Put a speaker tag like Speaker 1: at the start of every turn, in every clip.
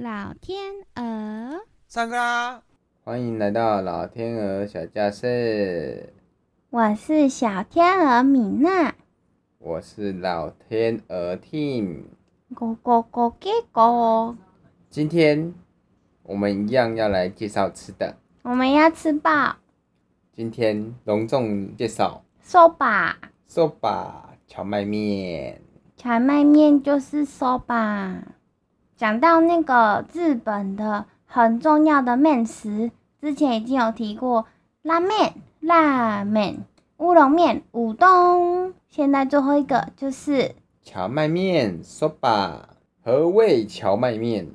Speaker 1: 老天鵝，上課啦！
Speaker 2: 歡迎來到老天鵝小教室。
Speaker 1: 我是小天鵝米娜。
Speaker 2: 我是老天鵝 Tim
Speaker 1: 哥哥哥哥，哥。
Speaker 2: 今天我們一樣要來介紹吃的。
Speaker 1: 我們要吃飽。
Speaker 2: 今天隆重介紹，
Speaker 1: 壽把吧。
Speaker 2: 壽把蕎麥麵。
Speaker 1: 蕎麥麵就是壽把。講到那個日本的很重要的麵食，之前已經有提過拉麵、拉麵、烏龍麵、烏冬，現在最後一個就是
Speaker 2: 蕎麥麵，soba 和味蕎麥麵。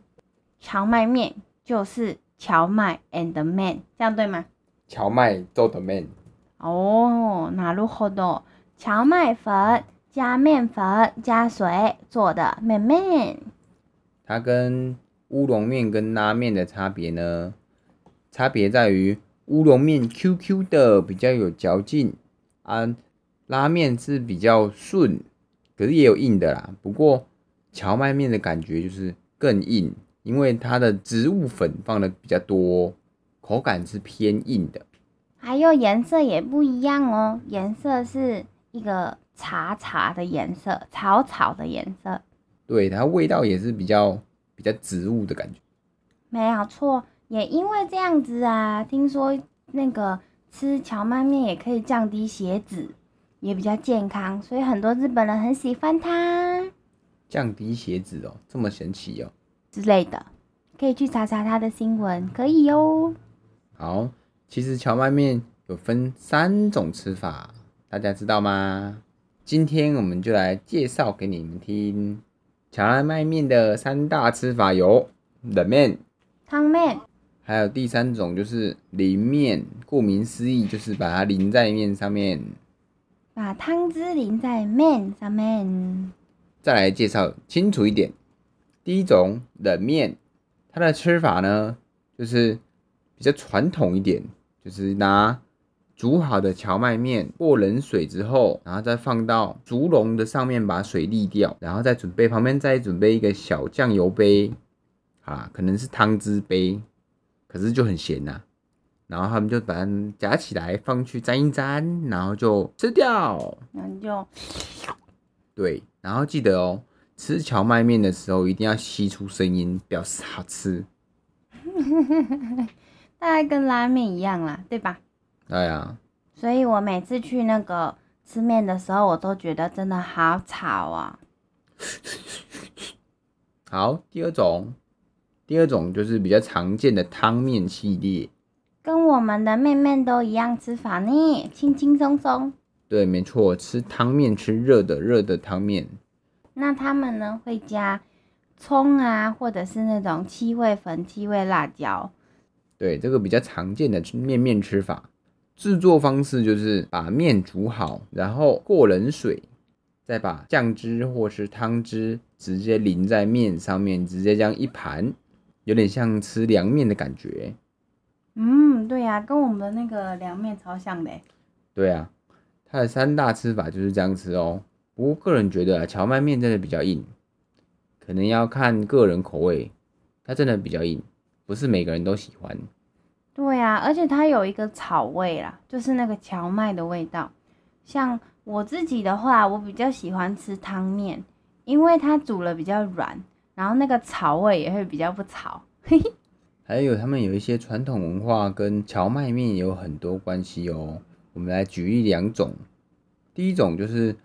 Speaker 1: 蕎麥麵就是蕎麥 and the man 這樣對嗎？
Speaker 2: 蕎麥做的麵。
Speaker 1: 哦、oh,，哪路貨多？蕎麥粉加麵粉加水做的麵麵。
Speaker 2: 它跟烏龍麵跟拉麵的差別呢，差別在於烏龍麵 QQ 的比較有嚼勁啊，拉麵是比較順，可是也有硬的啦。不過蕎麥麵的感覺就是更硬，因為它的植物粉放的比較多，口感是偏硬的。
Speaker 1: 還有顏色也不一樣哦，顏色是一個茶茶的顏色，草草的顏色。
Speaker 2: 對，它味道也是比較比較植物的感覺，
Speaker 1: 沒有錯。也因為這樣子啊，聽說那個吃蕎麥麵也可以降低血脂，也比較健康，所以很多日本人很喜歡它。
Speaker 2: 降低血脂哦，這麼神奇哦？
Speaker 1: 之類的，可以去查查它的新聞，可以哦。
Speaker 2: 好，其實蕎麥麵有分三種吃法，大家知道嗎？今天我們就來介紹給你們聽。蕎麥麵的三大吃法有冷麵、
Speaker 1: 湯麵，
Speaker 2: 還有第三種就是淋麵。顧名思義，就是把它淋在麵上面，
Speaker 1: 把湯汁淋在麵上面。
Speaker 2: 再來介紹清楚一點，第一種冷麵，它的吃法呢，就是比較傳統一點，就是拿。煮好的蕎麥面過冷水之後，然後再放到竹籠的上面，把水瀝掉，然後再準備旁邊再準備一個小醬油杯，啊，可能是湯汁杯，可是就很鹹吶、啊。然後他們就把它夾起來放去沾一沾，然後就吃掉。然後就對，然後記得哦、喔，吃蕎麥麵的時候一定要吸出聲音，表示好吃。
Speaker 1: 大概跟拉面一樣啦，對吧？哎呀！所以我每次去那個吃麵的時候，我都覺得真的好吵啊。
Speaker 2: 好，第二種，第二種就是比較常見的湯麵系列，
Speaker 1: 跟我們的麵麵都一樣吃法呢，輕輕鬆鬆。
Speaker 2: 對，沒錯，吃湯麵吃熱的，熱的湯麵。
Speaker 1: 那他們呢會加蔥啊，或者是那種七味粉、七味辣椒。
Speaker 2: 對，這個比較常見的麵麵吃法。製作方式就是把麵煮好，然後過冷水，再把醬汁或是湯汁直接淋在麵上面，直接這樣一盤，有點像吃涼麵的感覺。
Speaker 1: 嗯，對呀、啊，跟我們的那個涼麵超像的。
Speaker 2: 對啊，它的三大吃法就是這樣吃哦。不過個人覺得啊，蕎麥麵真的比較硬，可能要看個人口味，它真的比較硬，不是每個人都喜歡。
Speaker 1: 對呀、啊，而且它有一個草味啦，就是那個蕎麥的味道。像我自己的話，我比較喜歡吃湯麵，因為它煮了比較軟，然後那個草味也會比較不草。嘿
Speaker 2: 嘿。還有他們有一些傳統文化跟蕎麥麵有很多關係哦。我們來舉例兩種，第一種就是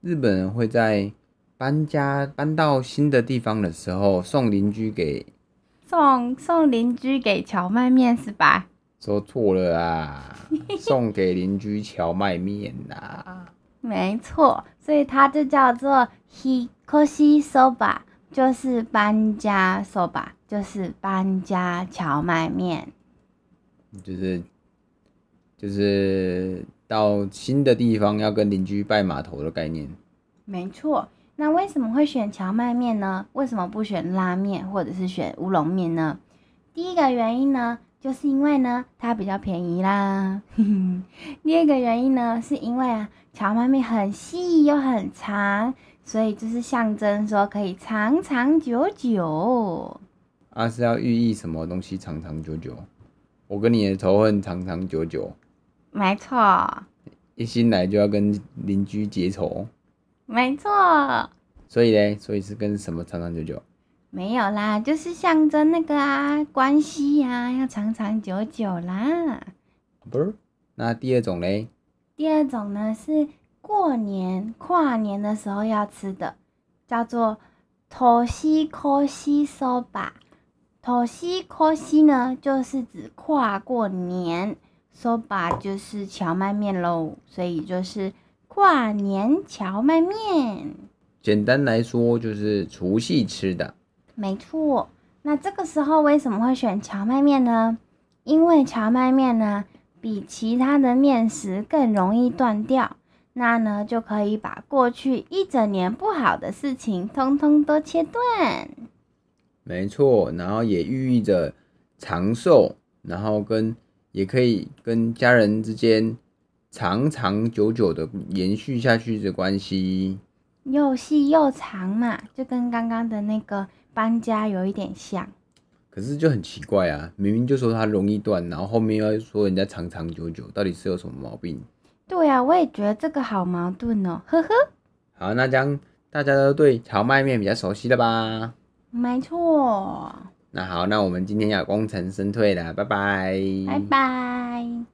Speaker 2: 日本人會在搬家搬到新的地方的時候送鄰居給。
Speaker 1: 送送鄰居給蕎麥麵是吧？
Speaker 2: 說錯了啊！ 送給鄰居蕎麥麵啊！
Speaker 1: 沒錯，所以它就叫做 Hikoshi Soba，就是搬家 soba，就是搬家蕎麥麵，
Speaker 2: 就是就是到新的地方要跟鄰居拜碼頭的概念。
Speaker 1: 沒錯。那為什麼會選蕎麥麵呢？為什麼不選拉麵或者是選烏龍麵呢？第一個原因呢，就是因為呢，它比較便宜啦。 第二個原因呢，是因為啊，蕎麥麵很細又很長，所以就是象徵說可以長長久久。
Speaker 2: 啊，是要寓意什麼東西長長久久？我跟你的仇恨長長久久。
Speaker 1: 沒錯。
Speaker 2: 一進來就要跟鄰居結仇。
Speaker 1: 沒錯，
Speaker 2: 所以嘞，所以是跟什麼長長久久？
Speaker 1: 沒有啦，就是象徵那個啊關係呀、啊，要長長久久啦。
Speaker 2: 不是，那第二種嘞？
Speaker 1: 第二種呢是過年跨年的時候要吃的，叫做シシ“托西柯西索巴”。托西柯西呢，就是指跨過年，索巴就是蕎麥麵嘍，所以就是。跨年蕎麥麵，
Speaker 2: 簡單來說就是除夕吃的，
Speaker 1: 沒錯。那這個時候為什麼會選蕎麥麵呢？因為蕎麥麵呢比其他的麵食更容易斷掉，那呢就可以把過去一整年不好的事情通通都切斷。
Speaker 2: 沒錯，然後也寓意着長壽，然後跟也可以跟家人之間。長長久久的延續下去的關係，
Speaker 1: 又細又長嘛，就跟剛剛的那個搬家有一點像。
Speaker 2: 可是就很奇怪啊，明明就說它容易斷，然後後面又說人家長長久久，到底是有什麼毛病？
Speaker 1: 對啊，我也覺得這個好矛盾哦，呵呵。
Speaker 2: 好，那這樣大家都對蕎麥麵比較熟悉了吧？
Speaker 1: 沒錯。
Speaker 2: 那好，那我們今天要功成身退了，拜拜。拜
Speaker 1: 拜。